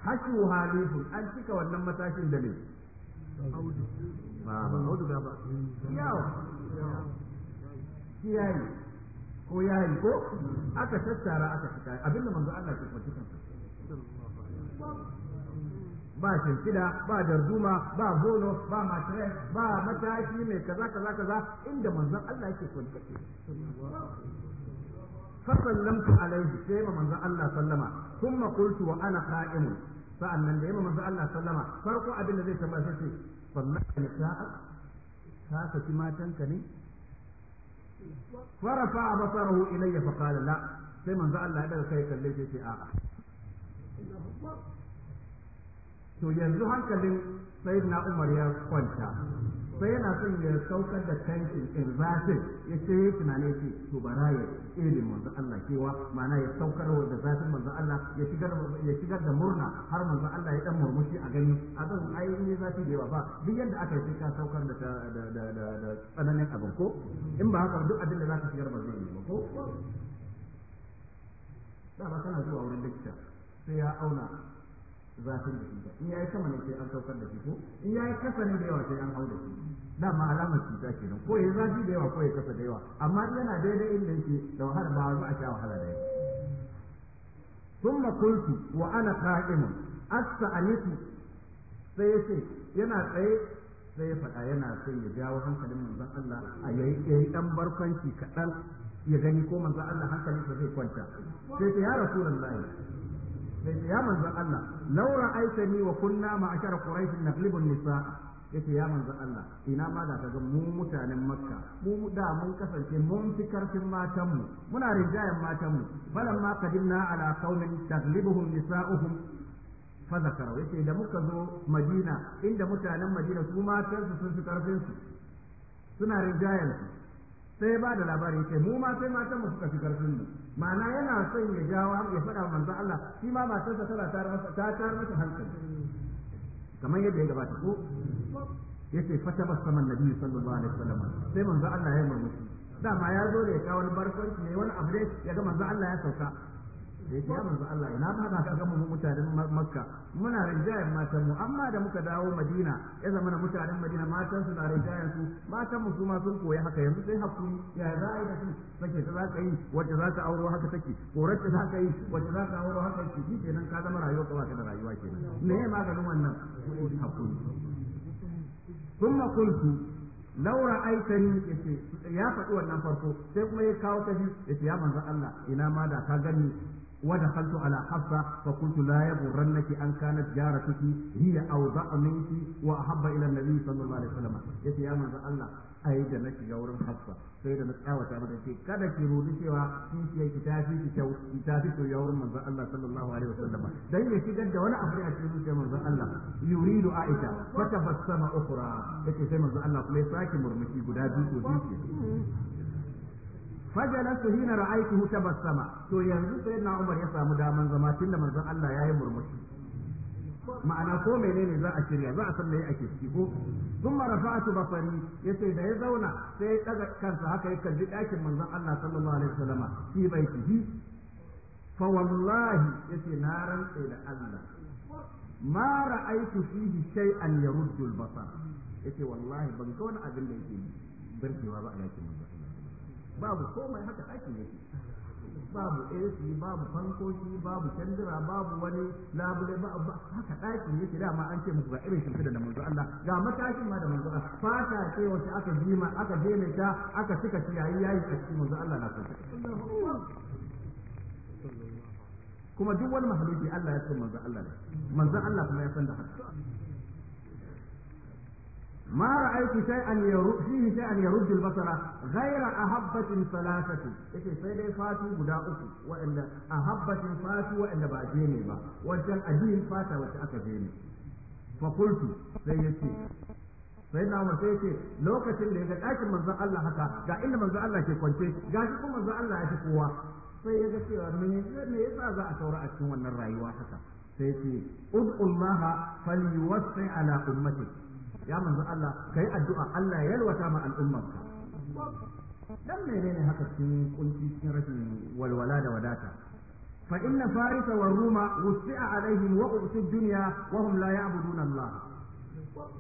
hashu halifun an cika wannan matashin da ne ba ba audu ba yawa kiyayi ko yayi ko aka tattara aka fita abinda manzo Allah ke kwatukan ba shimfiɗa ba darduma ba bolo ba matare ba matashi mai kaza kaza kaza inda manzon Allah yake kwantake sallamtu alaihi sai ma manzon Allah sallama kuma qultu wa ana qa'imun sa'annan da yamma manzon Allah sallama farko abin da zai tambaya sai ce sallaka nisa'a ka saki matanka ne farafa basarahu ilayya qala la sai manzon Allah ya daga kai kalle sai ce a'a to yanzu hankalin na Umar ya kwanta sai yana son ya saukar da tankin irzafin ya ce ya tunanin ce to bara ya tsere manzo Allah cewa mana ya saukar da zafin manzo Allah ya shigar da murna har manzo Allah ya dan murmushi a gani a kan ai ne zafi da yawa ba duk yadda aka yi ka saukar da tsananin abin ko in ba haka duk abin da ka shigar ba zai yi ba ko da ba kana zuwa wurin likita sai ya auna zafin da shi in yayi sama ne sai an saukar da shi ko in yayi kasa ne da yawa sai an hau da shi da ma alamar cuta kenan ko ya zafi da yawa ko ya kasa da yawa amma yana daidai inda yake da wahala ba za a sha wahala da yawa thumma qultu wa ana qa'imun asta'anitu sai ya ce yana tsaye sai ya faɗa yana son ya jawo hankalin manzon Allah a yayi yayi dan barkwanci kaɗan ya gani ko manzon Allah hankalinsa zai kwanta sai ya rasulullahi sai ya manzon Allah laura aitani wa kunna ma'ashara quraish naqlibu nisa yace ya manzon Allah ina ma da kaga mu mutanen makka mu da mun kasance mun fi karfin matan mu muna rijayan matan mu ma kadinna ala qaumin taghlibuhum fa zakara yace da muka zo madina inda mutanen madina su matan su sun fi karfin su suna rijayan su sai ba da labari kai mu ma sai matan mu suka fi karfin mu ma'ana yana son ya jawo ya faɗa manzo Allah shi ma matarsa tana tar masa ta tar masa hankali kamar yadda ya gabata ko yace fa sama annabi sallallahu alaihi wasallam sai manzo Allah ya yi murmushi dama ya zo da ya kawo barkwanci ne wani abu ya ga manzo Allah ya sauka da yake ya manzo Allah ina ma ka ga mu mutanen Makka muna rijayen matan mu amma da muka dawo Madina ya zama na mutanen Madina matan su na rijayen su matan mu kuma sun koyi haka yanzu sai hakuri ya za a yi da su sake ta za ka yi wacce za ka auro haka take korar ta za ka yi wacce za ka auro haka take shi kenan ka zama rayuwa ka da rayuwa kenan me ya maganin wannan hakuri ثم قلت لو ya faɗi wannan farko sai kuma ya kawo ta biyu ya ce ya manzo Allah ina ma da ka gani ودخلت على حفصة فقلت لا يغرنك أن كانت جارتك هي أوضع منك وأحب إلى النبي صلى الله عليه وسلم يتي يا من الله ai da na shiga wurin hafsa sai da na tsawata mata ce kada ki rudu cewa kishiyar ki tafi ki kyau ki tafi ki ya wurin manzon Allah sallallahu alaihi wasallam dan ya shigar da wani abu a cikin zuciyar manzon Allah yuridu aisha fa tabassama ukhra sai manzon Allah kuma murmushi guda biyu biyu fajalasu hina ra'aytuhu tabassama to yanzu na Umar ya samu daman zama tunda manzon Allah yayi murmushi ma'ana ko menene za a shirya za a san me ake ciki ko ثم رفعت بصري yace da ya zauna sai ya daga kansa haka ya kalli dakin manzon Allah sallallahu alaihi wasallam shi bai ci fa wallahi yace na rantsa da Allah ma ra'aytu fihi shay'an yaruddu al-basar yace wallahi ban ga wani abin da yake birkewa ba a dakin manzon babu komai haka ake yake babu AC babu fankoshi babu candira babu wani labule ba haka daki yake dama an ce muku ga irin shi da manzo Allah ga matashin ma da manzo Allah fata ce wacce aka jima aka jene ta aka cika ciyayi yayi a cikin manzo Allah na kanta kuma duk wani mahaluki Allah ya san manzo Allah ne manzo Allah kuma ya san da haka ما رأيت شيئا يرد فيه شيئا يرد البصر غير أهبة ثلاثة إيش سيد فاتو بدا أكو وإن أهبة فاتو وإن بعديني با وإن أدين فاتا وإن فقلت سيدتي sai na sai ce lokacin da ya ga ɗakin manzon Allah haka ga inda manzon Allah ke kwance ga shi kuma manzon Allah ya fi kowa sai ya ga cewa me me yasa za a saura a cikin wannan rayuwa haka sai ce ud'u Allah falyuwassi ala ummati ya manzo Allah ka yi addu'a Allah ya yalwata ma al'ummarka dan ne haka cikin kunci cikin rashin walwala da wadata fa inna farisa wa ruma wusi'a alaihim wa utu dunya wa hum la ya'buduna Allah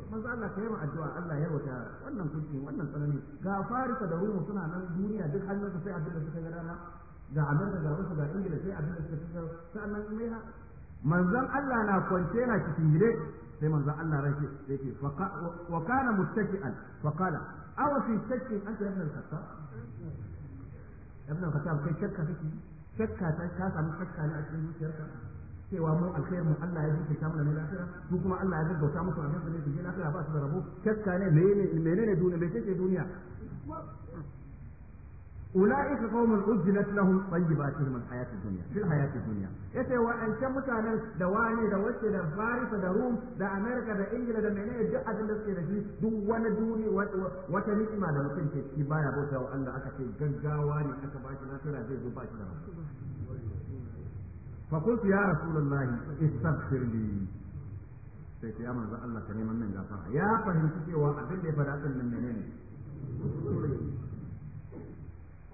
manzo Allah kai ma addu'a Allah ya yalwata wannan kunci wannan tsanani ga farisa da ruma suna nan duniya duk hannunsa sai abin da suka ga rana ga Amurka ga Rusa ga Ingila sai abin da suka fi sannan mai ha manzon Allah na kwance na cikin gire sai manzo Allah rake yake wa kana mustaki'an fa qala aw fi shakkin anta ibn al-khattab ibn al-khattab kai shakka kake shakka ta ka samu shakka ne a cikin zuciyarka cewa mu alkhairin Allah ya zuke ta mana ne lafiya kuma Allah ya gaggauta musu a cikin zuciyarka lafiya ba su da rabo shakka ne menene menene duniya me ce duniya أولئك قوم أجلت لهم طيباتهم الحياة الدنيا في الحياة الدنيا yace wa'ancan mutanen da wane da wacce da Farisa da Rum da Amerika da Ingila da menene duk abin da suke da shi duk wani duni wata ni'ima da mutum ke ciki baya bauta wa Allah aka ce gaggawa ne aka ba shi nasara zai zo ba shi da fa qultu ya rasulullahi istaghfir li sai ya manzo Allah ka neman nan gafara ya fahimci cewa abin da ya faɗa din nan menene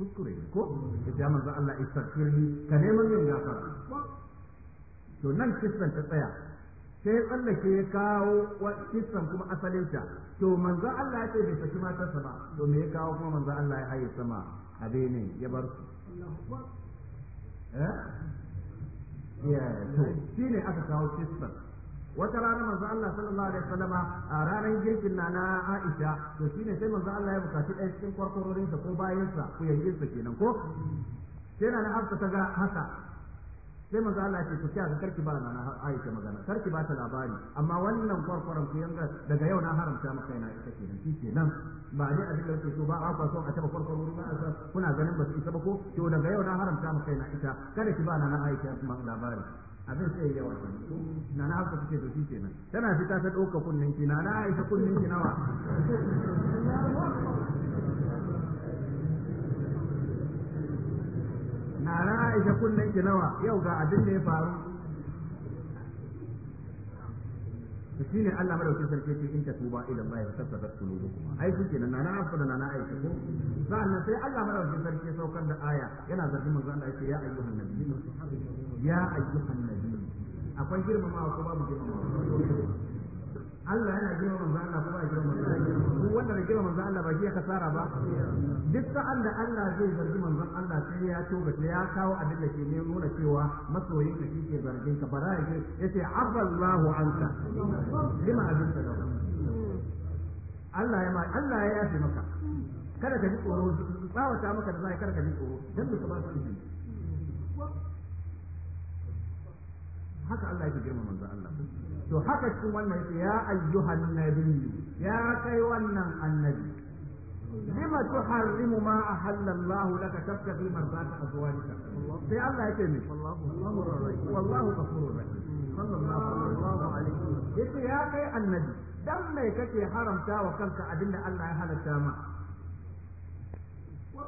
kuskure ne ko ya manzo Allah istaghfirli ka neman min gafara to nan kissan ta tsaya sai ya tsallake ya kawo kissan kuma ta to manzo Allah ya ce bai saki matarsa ba to me ya kawo kuma manzo Allah ya haye sama a ne ya bar su eh ya to shine aka kawo kissan wata rana manzo Allah sallallahu alaihi wasallama a ranar girkin na na Aisha to shine sai manzo Allah ya bukaci ɗaya cikin kwarkwarorin sa ko bayan sa ko yayin sa kenan ko sai na Hafsa ta ga haka sai manzo Allah ya ce to ci ga karki ba na Aisha magana karki ba ta labari amma wannan kwarkwaron ku yanga daga yau na haramta maka yana ita kenan shi kenan ba ne abin da kake so ba a kwaso a taba kwarkwarorin ba Aisha kuna ganin ba su isa ba ko to daga yau na haramta maka yana ita kada ki ba na Aisha labari abin sai ya yawa na na haka kuke doki kenan tana fita ta ɗauka kunnen ki na na aisha kunnen ki nawa na na aisha kunnen ki nawa yau ga abin da ya faru shi ne Allah madaukin sarki ce in ba ila Allah wa tabbata qulubukum ai shi kenan na na da na na aisha ko sa'annan sai Allah madaukin sarki saukar da aya yana zargin manzo Allah yake ya ayyuhan nabiyyu ya ayyuhan akwai girmamawa ko babu girmamawa Allah yana girma manzo Allah ko ba girma manzo Allah duk wanda bai girma manzo Allah ba shi ya kasara ba duk sa'an da Allah zai zargi manzo Allah sai ya toba sai ya kawo abin da ke nuna cewa masoyin ka ke zargin ka bara ya yace afallahu anka lima abin da Allah ya ma Allah ya yafe maka kada ka ji tsoro wata maka da zai kada ka ji tsoro dan ka ba su haka Allah yake girma manzo Allah to haka cikin wannan yake ya ayyuhan nabiyyu ya kai wannan annabi lima tuharrimu ma ahalla Allah laka tabtaghi marzata azwajika sai Allah yake ne wallahu ghafurur rahim sallallahu alaihi wasallam yace ya kai annabi dan mai kake haramta wa kanka abinda Allah ya halatta ma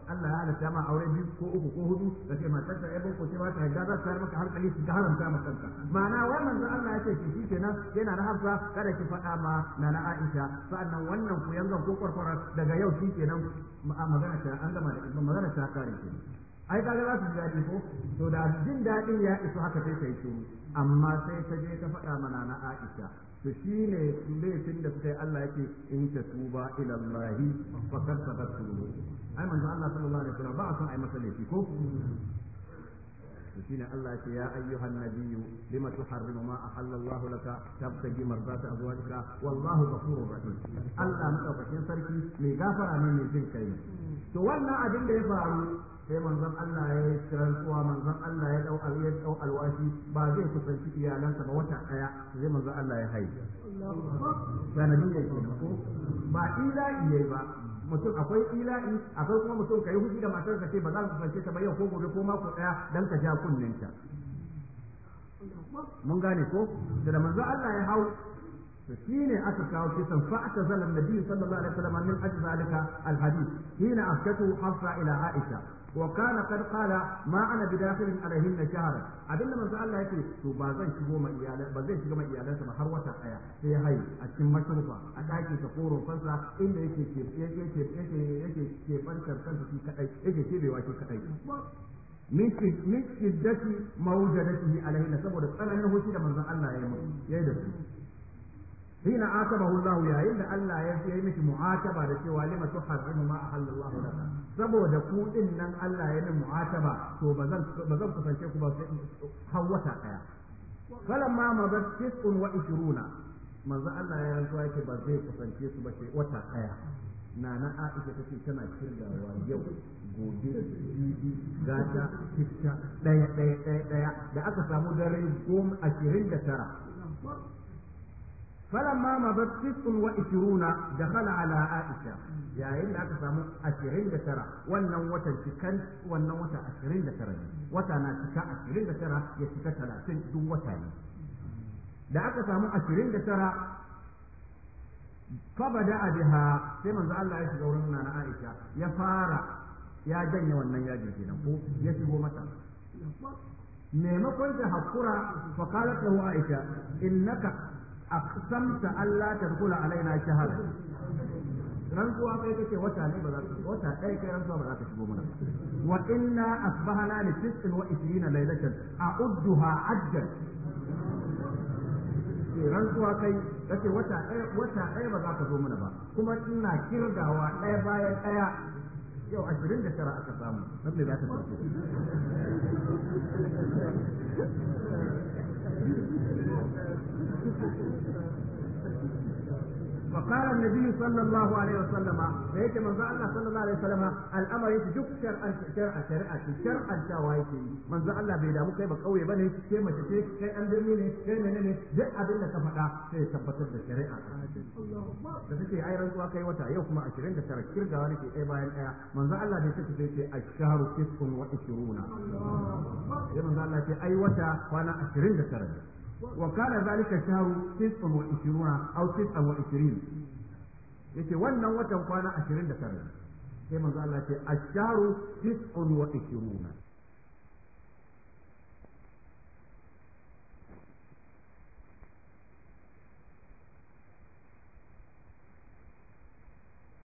Allah ya halatta ma aure biyu ko uku ko hudu da ke matar ta yabo ko ce ba ta yadda za ta maka hankali ki haramta ma kanka ma'ana wannan da Allah ya ce ki shi kenan yana na hafsa kada ki faɗa ma na na Aisha sa'annan wannan ku yanzu ko kwarkwara daga yau shi kenan magana ta an gama da magana ta kare ki ai kaga za su ji daɗi ko to da jin daɗin ya isu haka sai ta yi amma sai ta je ta faɗa ma na Aisha to shi ne laifin da suka yi Allah yake in ta tuba ila Allah fa kad tadakkuru ai manzo Allah sallallahu alaihi wasallam ba a san ai masa laifi ko to shi ne Allah yake ya ayyuhan nabiyyu lima tuharrimu ma ahalla Allah laka tabtaji mardata azwajika wallahu ghafurur rahim Allah madaukakin sarki mai gafara ne mai jin kai to wannan abin da ya faru sai manzon Allah ya yi rantsuwa manzon Allah ya dau ya dau alwashi ba zai kusanci iyalansa ba wata daya sai manzon Allah ya haihu ya nabi ce ko ba ila yayi ba mutum akwai ila'i akwai kuma mutum kai hudi da matar ka ce ba za ka kusance ta ba yau ko gobe ko mako daya dan ka ja kunninta mun gane ko da manzon Allah ya hau فشيني فشين أتكاو كسا فاعتزل النبي صلى الله عليه وسلم من أجل ذلك الحديث حين أفكته حفصة إلى عائشة وكان قد قال ما أنا بداخل عليهن شهر أبدا من سأل الله يقول تو بازن شبو ما إيالا بازن شبو ما إيالا سما حروة أيا هي هاي أتشم مشروفة أتاكي تقور فصلة إن إيكي كيف إيكي كيف إيكي يكي كيف أنشر كنت في كأي يكي كيف يكي كأي min shiddati mawjadatihi alaihi saboda tsananin hushi da manzon Allah ya yi ya yi da su hina asabahu Allah yayin da Allah ya yi miki mu'ataba da cewa lima tuharrimu ma ahallallahu laka saboda ku nan Allah ya yi mu'ataba to bazan bazan kusance ku ba sai hawata daya falamma madat tis'un wa ishruna manzo Allah ya rantsuwa yake ba zai kusance su ba sai wata Aisha tace tana kirgawa yau gobe gata fitta daya daya daya da aka samu dare goma ashirin da tara فلما مضت ست وعشرون دخل على عائشة yayin da aka samu ashirin da tara wannan watan cikan wannan wata ashirin da tara ne wata na cika ashirin da tara ya cika talatin duk da aka samu ashirin da tara fabada a biha sai manzo Allah ya shiga wurin nana Aisha ya fara ya janye wannan yajin kenan ko ya shigo mata maimakon ta hakura fa qalat lahu Aisha innaka aqsamta alla tadkhula alaina shahara zuwa kai kace wata ne ba za ka wata ɗaya kai rantsuwa ba za ka shigo mana wa inna asbahana li tis'in wa ishrina laylatan a'udduha ajjan rantsuwa kai kace wata ɗaya wata ɗaya ba za ka zo mana ba kuma ina kirgawa ɗaya bayan ɗaya yau ashirin da tara aka samu nan ne za ta farko فقال النبي صلى الله عليه وسلم فيك من ذا الله صلى الله عليه وسلم الامر يتجك شرعا شرعا شرعا شرعا شوايك من ذا الله بيدا مو كاي بقوي بني كاي ما تشي كاي ان درمي ne kai ne ne duk abin da ka faɗa sai tabbatar da shari'a da take ai rantsuwa kai wata yau kuma 29 kirgawa nake ɗaya bayan ɗaya manza Allah bai take sai a ashharu tis'un wa 20 ya manzo Allah ce ai wata kwana 29 وكان ذلك الشهر تسع وعشرون أو تسع وعشرين yace wannan watan kwana ashirin da tara sai manzo Allah ce